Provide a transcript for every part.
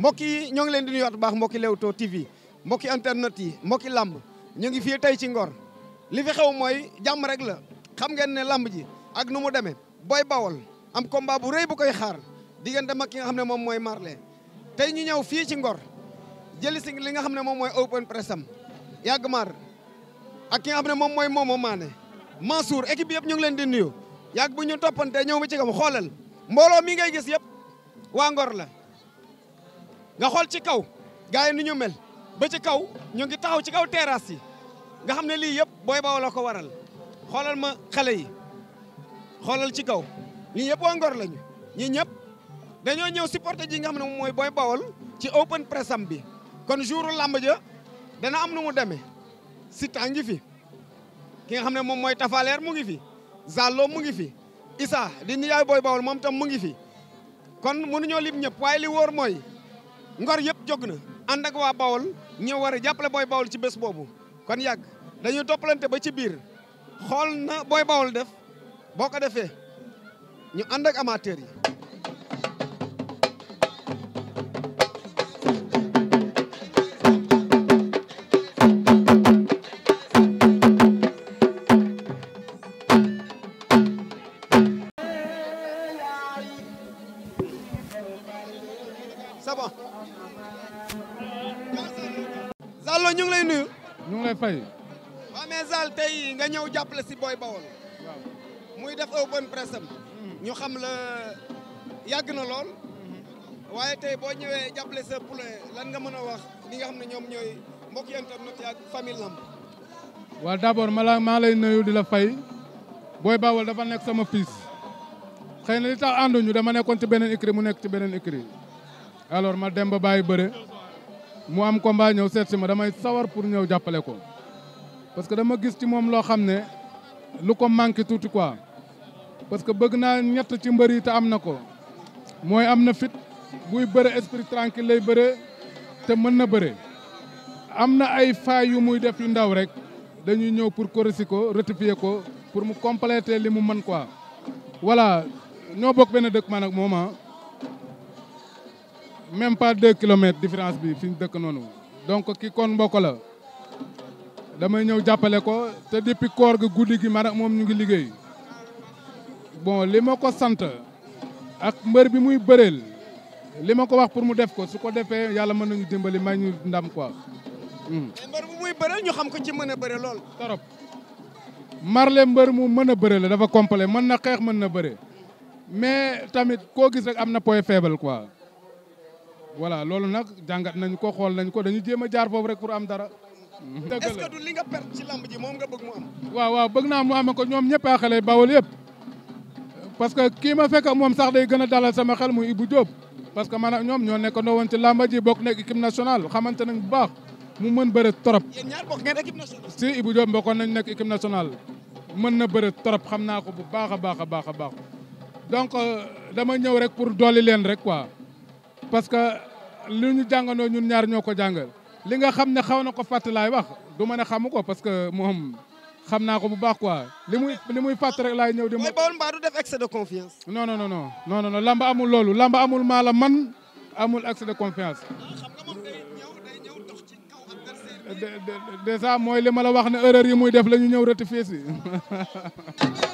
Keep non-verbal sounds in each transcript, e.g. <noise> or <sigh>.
mbokk yi ñoo ngi leen di nuyuwaat bu baax mbokki Leewtoo TV mbokki internet yi mbokki làmb ñu ngi fii tey ci Ngor li fi xew mooy jàmm rek la xam ngeen ne làmb ji ak nu mu demee booy bawol am combat bu rëy bu koy xaar diggante mag ki nga xam ne moom mooy Marley tey ñu ñëw fii ci Ngor jëli si li nga xam ne moom mooy open press am yàgg maar ak ki moom mooy Momo Mané Mansour équipe yëpp ñu ngi leen di nuyu yàgg bu ñu toppante ñëw mi ci kam xoolal mbooloo mi ngay gis yëpp waa Ngor la nga xool ci kaw gars yi ni ñu mel ba ci kaw ñu ngi taxaw ci kaw terrasse yi nga xam ne lii yëpp booy bawol la ko waral xoolal ma xale yi xoolal ci kaw lii yëpp waa Ngor lañu ñi ñëpp dañoo ñëw supporter ji nga xam ne moom mooy booy bawol ci open press am bi kon jouru làmb ja dana am nu mu demee Siteu ngi fi ki nga xam ne moom mooy tafaleer mu ngi fi Zallo mu ngi fi Issa di niyaay booy bawol moom tam mu ngi fi kon nu mënuñoo lim ñëpp waaye li wóor mooy ngor yëpp jóg na ànd ak waa Bawol ñëw war a jàppale booy Bawol ci bés boobu kon yàgg dañuy toppalante ba ci biir xool na booy Bawol def boo ko defee ñu ànd ak amateur yi daal tey nga ñëw jàppale si Boy muy def open press am ñu xam la yàgg na lool waaye tey boo ñëwee jàppale sa lan nga mën a wax li nga xam ne ñoom ñooy mbokk internet ak famille lamb waaw d'abord ma maa lay nuyu di la fay Boy Baol dafa nekk sama fils xëy na li tax ñu dama nekkoon ci beneen écrit mu nekk ci beneen écrit alors ma dem ba bàyyi bëre mu am combat ñëw seet si ma damay sawar pour ñëw jàppale ko parce que dama gis ci moom loo xam ne lu ko manqué tuuti quoi parce que bëgg naa ñett ci mbër yi te am na ko mooy am na fit buy bëre esprit tranquille lay bëre te mën na bëre am na ay faay yu muy def yu ndaw rek dañuy ñëw pour corriger ko rectifier ko pour mu compléter li mu mën quoi voilà ñoo bokk benn dëkk man ak moom ah. même pas deux kilomètres différence bi fi ñu dëkk noonu donc ki kon mbokk damay ñëw jàppale ko te déppi koor ga guddi gi man moom ñu ngi liggéey bon li ma ko sant ak mbër bi muy bëreel li ma ko wax pour mu def ko su ko defee yàlla mën nañu dimbali may ñu ndam quoi. Hmm. ñu xam ko ci mën a bëre lool. trop Marley mbër mu mën a bëre la dafa complet mën na xeex mën na bëre mais tamit koo gis rek am na point feebal quoi. voilà loolu nag jàngat nañ ko xool nañ ko dañu jéem a jaar foofu rek pour am dara. est-ce que du li nga perte ci moom nga bëgg mu am. waaw waaw bëgg naa mu amee ko ñoom ñëpp a xale bawol yëpp parce que kii a fekk moom sax day gën a dalal sama xel muy Ibou Diop. parce que man ñoom ñoo nekkandoo woon ci lamba ji bokk nekk équipe nationale xamante nañ bu baax mu mën bëre trop. ñaar bokk ngeen équipe nationale. si Ibou Diop bokkoon nañ nekk équipe nationale mën na bëre trop xam naa ko bu baax a baax a baax a baax donc euh, dama ñëw rek pour dolli leen rek quoi parce que lu ñu jàngandoo ñun ñaar ñoo ko jàngal. li nga xam ne xaw na ko fàtt laay wax du mën a xamu ko parce que moom xam naa ko bu baax quoi li muy li muy fàtt rek laay ñëw di. mooy Baol mbaa du def excès de confiance. non no non non non non lamba amul loolu lamba amul maala man amul excès de confiance. dèjà mooy li ma la wax ne erreur yi muy def la ñu ñëw rectifier si. <laughs>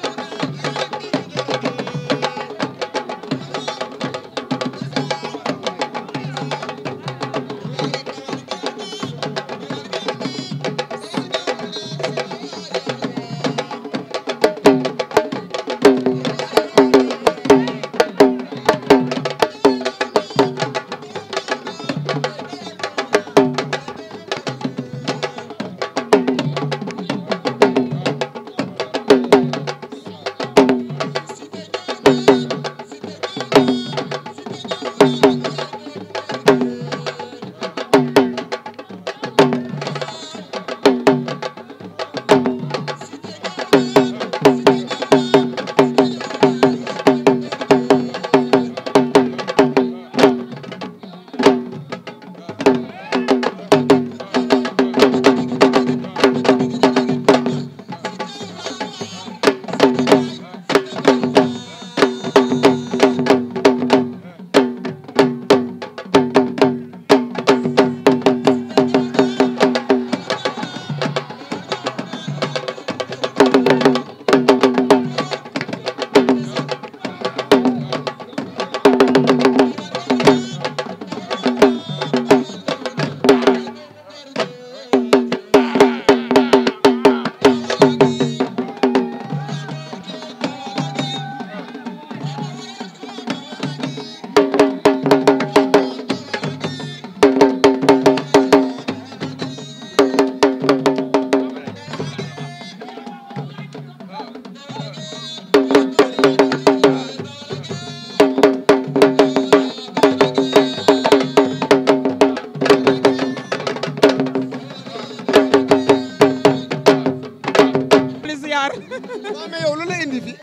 waaw mais yow lu la indi fi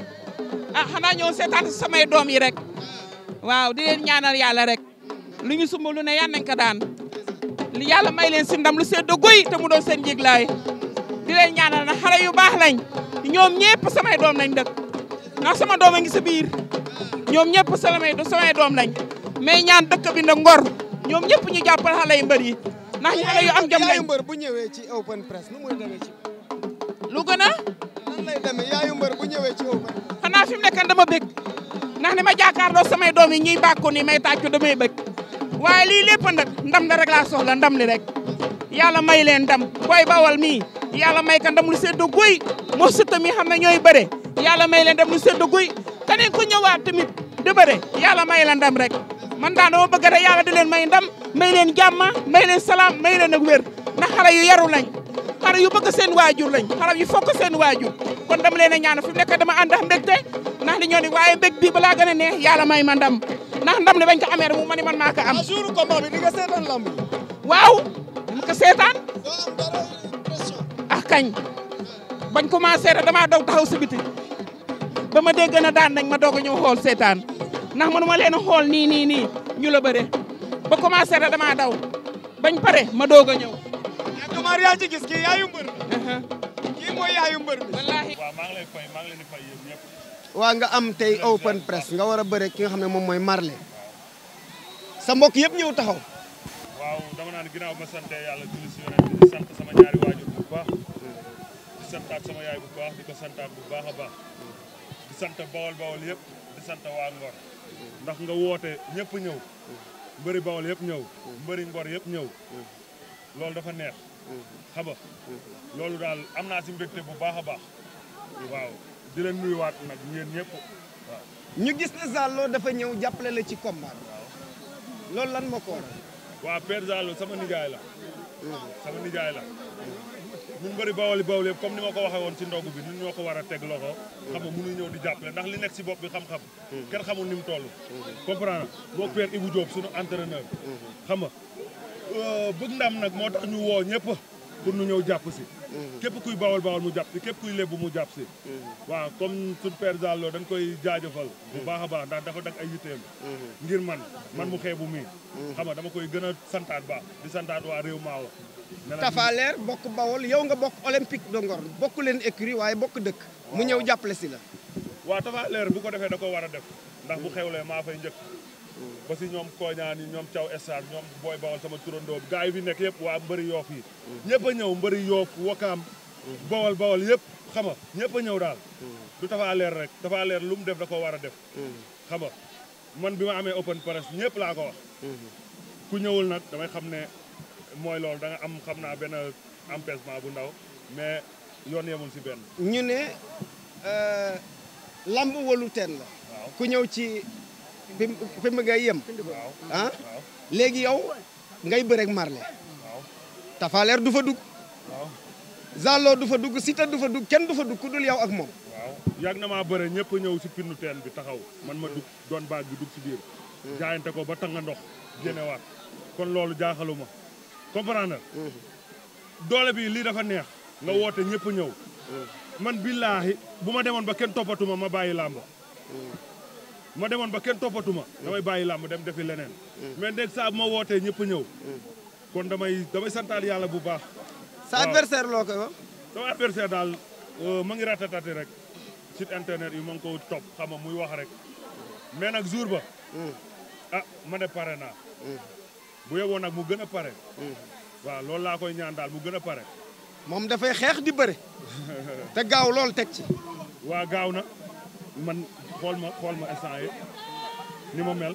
ah xanaa ñëw seetaan samay doom yi rek waaw di leen ñaanal yàlla rek lu ñu sumb lu ne yan nañ ko daan li yàlla may leen si dam lu seen dëgguy te mu doon seen jiglaay di leen ñaanal na xale yu baax lañ ñoom ñëpp samay doom lañ dëkk ndax sama doom a ngi sa biir ñoom ñëpp samay samay doom lañ mais ñaan dëkk bi na ngor ñoom ñëpp ñu jàppal yu mbër yi ndax xale yu am jom lañ bu ñëwee ci open press nu muy demee lu gën nan lay demee yaayu mbër dama bëgg ndax ni ma jàkkaarloo samay doom yi ñuy bàkku ni may tàccu damay bëgg waaye lii lépp nag ndam la rek laa soxla ndam li rek yàlla may leen ndam booy bawal mii yàlla may ka ndam lu sedd guy moo sutta mi xam ne ñooy bëre yàlla may leen ndam lu sedd guy keneen ku ñëwaat tamit di bëre yàlla may la ndam rek man daan dama bëgg rek yàlla di leen may ndam may leen jàmm may leen salaam may leen ak wér ndax xale yaru lañ xale yu bëgg seen waajur lañ xale yu fokk seen waajur kon dama leen a ñaan fi mu dama ànd ak mbégte ndax li waaye mbég bi balaa gën a may ma ndam ndax ndam li bañ ko amee rek mu ma man maa ko am. jour combat bi di nga seetaan lamb bi. waaw ah bañ commencé rek damaa daw taxaw si biti ba ma dégg na daan nañ ma doog a ñëw xool seetaan ndax manuma leen a xool nii nii nii ñu la bëre ba commencé rek daw bañ pare ma doog a ñëw. Omar yaa ci gis kii yaayu mbër kii mooy yaayu mbër waa nga am tey open press nga war a bëre ki nga xam ne moom mooy Marley sa mbokk yëpp ñëw taxaw waaw dama naan ginnaaw ma sante yàlla julli si yonent di sant sama ñaari waajur bu baax di santaat ko santaat bu baax a baax sant bawol bawol yëpp di sant waa Ngor ndax nga woote ñëpp ñëw mbëri bawol yëpp ñëw mbëri Ngor yëpp ñëw loolu dafa neex xam nga loolu daal am naa si mbégte bu baax a baax waaw di leen nuyuwaat nag yéen ñëpp ñu gis ne Zalo dafa ñëw jàppale la ci combat loolu lan moo ko waral waaw sama nijaay la hmm. sama nijaay la ñun bëri bawali bawal yëpp ni ma ko waxee woon ci ndogu bi ñun ñoo ko war a teg loxo hmm. xam nga ñëw di jàppale ndax li nekk si bopp bi xam-xam hmm. kenn xamul ni mu toll comprendre moom Père Ibou Diop suñu entraîneur xam nga Euh, bëgg ndam nag moo tax ñu woo ñëpp pour ñu ñëw jàpp si mhm. képp kuy bawal bawal mu jàpp képp kuy lébu mu jàpp si mhm. waaw comme suñu père Zallo dañ koy jaajëfal bu mhm. baax a baax ndax dafa dag ay yitteem ngir man man mu xeebu mii xam nga dama koy gën a santaat baax di santaat waa réew maawa Tafaleer bokk bawol yow nga bokk olympique de Ngor bokk leen écurie waaye bokk dëkk mu ñëw jàppale si la waaw Tafaleer bu ko defee da ko war a def ndax bu xewlee maa fay njëkk ba si ñoom kooñaan yi ñoom caw estar ñoom booy bawal sama turandoo bi gars yi fi nekk yëpp waa mbëri yoof yi ñëpp a ñëw mbëri yoof wakaam bawal bawal yëpp xam nga ñëpp a ñëw daal du Tapha Leer rek Tapha Leer lu mu def da ko war a def xam nga man bi ma amee open press ñëpp laa ko wax ku ñëwul nag damay xam ne mooy loolu da am xam naa benn empêchement bu ndaw mais yoon yemul si benn ñu ne euh, lamb walu teen la ku ñëw ci fi mu fi ngay yem. ah léegi yow ngay bëreeg marle. tafaaleer du fa dugg. zaaloo du fa dugg sita du fa dugg kenn du fa dug ku dul yow ak moom. yàgg na maa bëre ñëpp ñëw si pindu teen bi taxaw man ma dugg doon baag bi dugg si biir. Hmm. ko ba tanga ndox génnewaat kon loolu jaaxaluma comprendre hmm. doole bi lii dafa neex nga hmm. woote ñëpp ñëw man billaahi bu ma demoon ba kenn toppatuma ma bàyyi làmb ma demoon ba kenn toppatuma damay bàyyi làmb dem defi leneen mm. mais ndeg saa bu wootee ñëpp ñëw mm. kon damay damay santaal yàlla bu baax sa adversaire loo koy wax sama daal euh, ma ngi ratatati rek site internet yi ma ngi ko topp xam muy wax rek mais nag jour ba mm. a ah, ma ne pare naa bu yeboon nag mu gën a pare waaw loolu laa koy ñaan daal mu gën a pare moom dafay xeex di bëre <laughs> te gaaw loolu teg ci waa gaaw na man xool ma xool ma instant yi ni ma mel.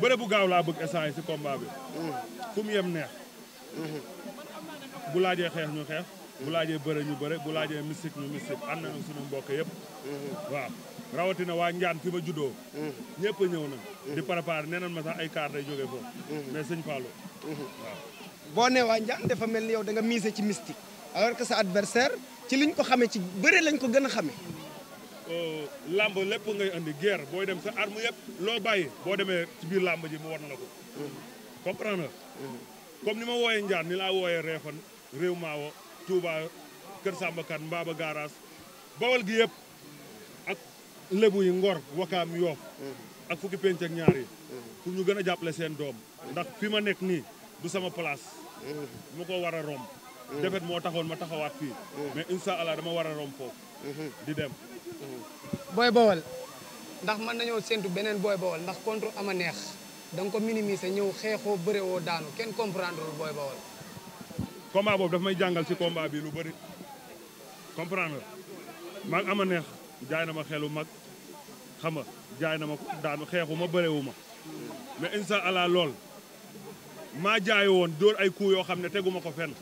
bëre bu gaaw laa bëgg instant yi si combat bi. fu yem neex. bu laajee xeex ñu xeex. bu laajee bëre ñu bëre bu laajee mystique ñu mystique na nañu suñu mbokk yëpp. waaw rawatina waa Njaan fi ma juddoo. ñëpp ñëw na. di préparé nee nañ ma sax ay kaar day jógee foofu. mais sëñ Fallou. waaw. boo nee waa Njaan dafa mel ni yow da nga misé ci mystique alors que sa adversaire ci liñ ko xamee ci bëre lañ ko gën a xamee. Euh, làmb lépp ngay andi guerre boo dem sa arme yëpp loo bàyyi boo demee ci biir làmb ji mu war na ko comprendre comme ni ma wooyee njaan ni laa wooyee reefan réew maawo Touba Kër Sambakan Mbaba Garaas bawal gi yëpp ak lébu yi Ngor Wakaam Yoof ak fukki penc ak ñaar yi ñu gën a jàppale seen doom ndax fi ma nekk nii du sama place mu ko war a romb defet moo taxoon ma taxawaat fii mais incha allah dama war a romb foofu di dem booy bawal ndax mën nañoo séntu beneen booy bawal ndax contre ama neex da nga ko minimiser ñëw xeexoo bëre woo daanu kenn comprendre lul booy bawal combat boobu dafa may jàngal si combat bii lu bëri comprendre maag ama neex jaay na ma xelu mag xam nga jaay na ma daanu xeexu ma bërewu ma mais insa allah lool ma jaay woon dóor ay coups yoo xam ne teguma ko fenn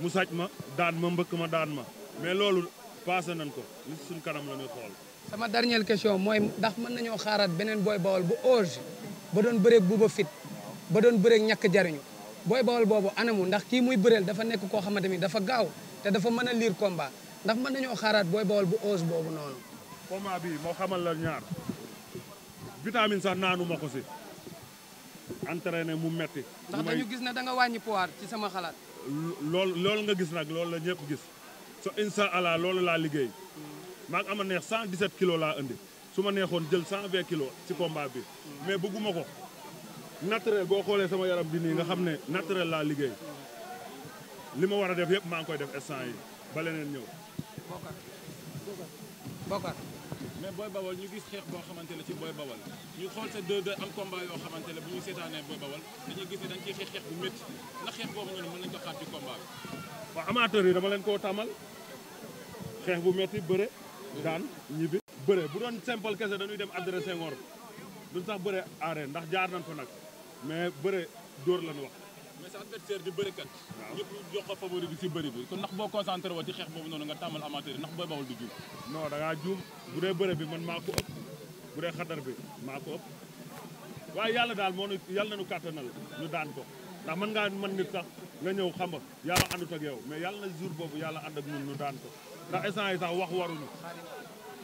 mu sàcc ma daan ma mbëkk ma daan ma mais loolu passé nañ ko li suñ kanam la ñuy xool. sama dernière question mooy ndax mën nañoo xaaraat beneen booy bawol bu Auge ba doon bëreeg Bouba Fit ba doon bëreeg ñàkk jariñu booy bawol boobu anamu ndax kii muy bëreel dafa nekk koo xamante ni dafa gaaw te dafa mën a liir combat ndax mën ñoo xaaraat booy bawol bu Auge boobu noonu. combat bi moo xamal la ñaar vitamine sax naanu ma ko si entraîné mu metti ndax dañu gis ne da nga wàññi poids ci sama xalaat. loolu loolu nga gis nag loolu la ñëpp gis. so incha allah loolu laa liggéey maa ngi ama neex 117 kilos laa indi su ma neexoon jël 120 kilos ci combat bi mais bëgguma ko naturel boo xoolee sama yaram bi nii nga xam ne naturel laa liggéey li ma war a def yëpp maa ngi koy def instant yi ba leneen ñëw. Bokar Bokar mais Boy Bawal ñu gis xeex boo xamante ne ci booy Bawal ñu xool sa 2-2 am combat yoo xamante ne bu ñu seetaanee Boy Bawal dañuy gis ne dañ ciy xeex xeex bu métti ndax xeex boobu ñu ne mën nañu ko xaar ci combat bi. waaw amateurs yi koo tàmmal. xeex bu metti bëre daan ñibbi bëre bu doon simple kese dañuy dem adresse Senghor duñ sax bëre aaree ndax jaar nañ ko nag mais bëre dóor lañ wax mais sa adversaire di bërekat ñëpp jox ko favori bi si bëri bi kon ndax boo concentré woo ci xeex boobu noonu nga tàmmal amateur yi ndax booy bawul du juum non da ngaa juum bu dee bëre bi man maa ko ëpp bu dee xadar bi maa ko ëpp waaye yàlla daal moo nu yàlla nu kàttanal ñu daan ko ndax mën ngaa mën nit sax nga ñëw xam nga yàlla àndut ak yow mais yàlla na jour boobu yàlla ànd ak daan ko ndax instant yi sax wax waruñu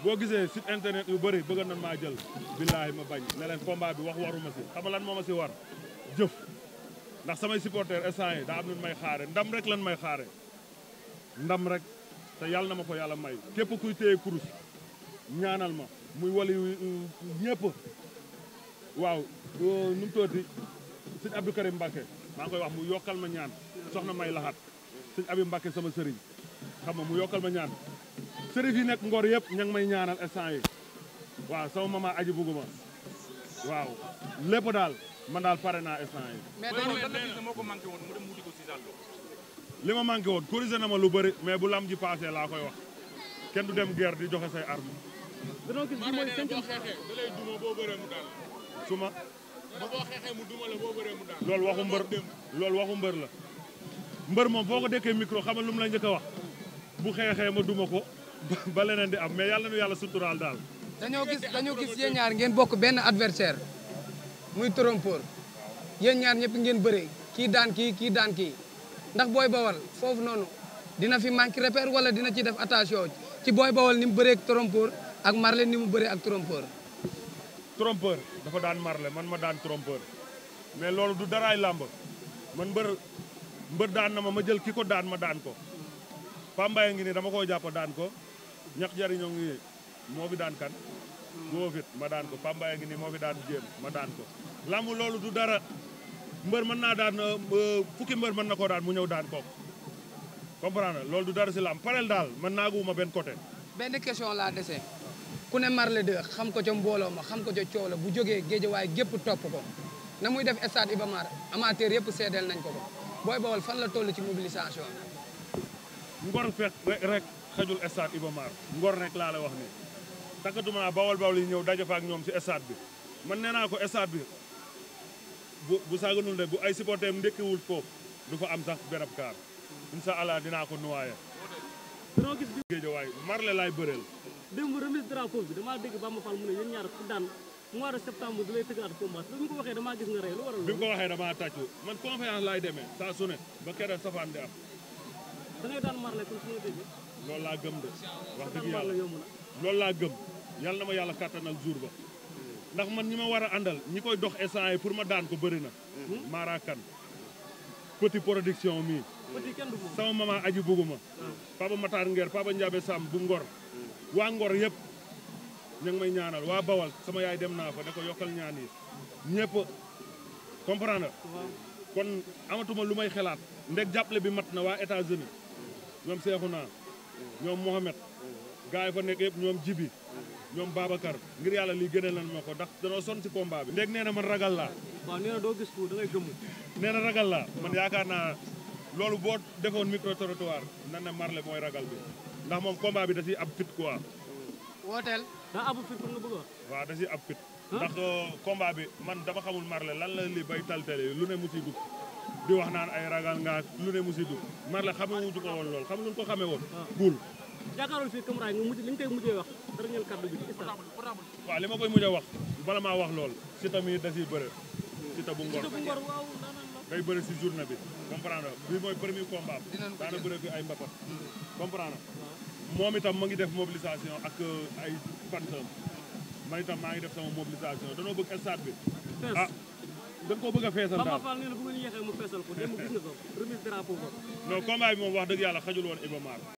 boo gisee site internet yu bëri bëgg nañ maa jël billaahi ma bañ ne leen combat bi wax waruma si xam lan moo si war jëf ndax samay supporters instant yi daa am lu may xaare ndam rek lan may xaare ndam rek te yàlla na ma ko yàlla may képp kuy téye kurus ñaanal ma muy wali ñëpp waaw nu mu tooti sëñ Abdou Karim Mbacke maa ngi koy wax mu yokkal ma ñaan soxna may laxat sëñ Abib Mbacke sama sëriñ xam nga mu yokkal ma ñaan sërif yi nekk ngor yëpp ña ma may ñaanal yi waaw sama mama aji bugguma waaw lépp daal man daal pare naa instant yi. mais li ma manqué woon corrigé na ma lu bëri mais bulam lam laa koy wax kenn du dem guerre di joxe say suma dañoo gis bii mooy cinquième su loolu waxu mbër loolu waxu mbër la. mbër moom foo ko dekkee micro xamal lu mu la njëkk a wax. bu xeexee ma duma ko ba leneen di am mais yàlla nu yàlla suturaal daal. dañoo gis dañoo gis yéen ñaar ngeen bokk benn adversaire muy trompeur yéen ñaar ñëpp ngeen bëre kii daan kii kii daan kii ndax booy bawal foofu noonu dina fi manque repère wala dina ci def attention ci booy bawal ni mu bëree ak trompeur ak marle ni mu bëree ak trompeur. trompeur dafa daan marle man ma daan trompeur mais loolu du daraay làmb man mbër mbër daan na ma ma jël ki ko daan ma daan ko. Pambaye ngi nii dama ko jàpp daan ko ñax jariñoo ngi moo fi daan kan góofit ma daan ko Pambaye ngi nii moo fi daan jéem ma daan ko lamb loolu du dara mbër mën naa daan euh, fukki mbër mën na koo daan mu ñëw daan kooku comprendre loolu du dara si lamb parel daal man naaguwuma benn côté benn question laa dese ku ne Marley 2 xam ko ca mbooloo ma xam ko ca coow la bu jógee géejawaay gépp topp ko na muy def stade Iba Mar amateur yëpp seedeel nañ ko ko booy fan la toll ci mobilisation ngor fekk rek xajul stade Iba Mar ngor rek laa la wax ni takkatuma bawol bawol yi ñëw daje fa ak ñoom si stade bi man nee naa ko stade bi bu bu saaganul rek bu ay supporter ndékkiwul foofu du fa am sax benn kaar incha allah dinaa ko noyé. danoo gis bi géejawaay marle laay bëreel démb remise drapeau bi damaa dégg Bamba Fall mu ne yéen ñaar ku daan mois de septembre da lay tëggaat combat bi nga ko waxee damaa gis nga rey lu bi nga waxee damaa tàccu man confiance laay demee saa su ne ba keroog safaan di am lool laa gëm de wax dëgg yàlla loolu laa gëm yàlla na ma yàlla kàttanal jour ba ndax man ñi ma war a àndal ñi koy dox essence yi pour ma daan ko bëri na hmm? Mara Kane petit production mi sama mama aji buguma hmm. papa Matar Nguer papa Ndiabe bu Ngor hmm. waa Ngor yëpp ña ngi may ñaanal waa Bawal sama yaay dem naa fa da yokkal ñaan yi ñëpp comprendre kon amatuma lu may xelaat ndeg jàppale bi mat na waa États-Unis ñoom Seexuna ñoom Mohamed gars yi fa nekk yëpp ñoom Jibi ñoom Babacar ngir yàlla lii gënal lan ma ko ndax danoo son si combat bi. ndéeg nee na man ragal laa. doo gis ko da ngay nee na ragal laa man yaakaar naa loolu boo defoon micro trottoir nan na Marley mooy ragal bi ndax moom combat bi da ciy ab fit quoi. wooteel. daa abu fit pour nga bëgg ab fit. ndax euh, combat bi man dama xamul Marley lan la li bay taltale lu ne mu di wax naan ay ragal ngaak lu ne musi dugg mar la xame wuñu ko woon lool xam luñ ko xamee woon guul ah. yaakaaroon fii Camara nga mujj li nga koy mujjee wax dara ngeen kaddu bi ci li ma koy mujjee wax bala maa wax lool si tamit da siy bëre si ta bu ngor day bëre si journée bi comprendre bi mooy premier combat daana bëre fi ay mbapat hmm. ah. moom itam ma ngi def mobilisation ak euh, ay fantam man itam maa ngi def sama mobilisation danoo bëgg stade bi ah da nga koo a feesal daal Bamba ko démb bi moom wax dëgg yàlla xajul woon Iba Mar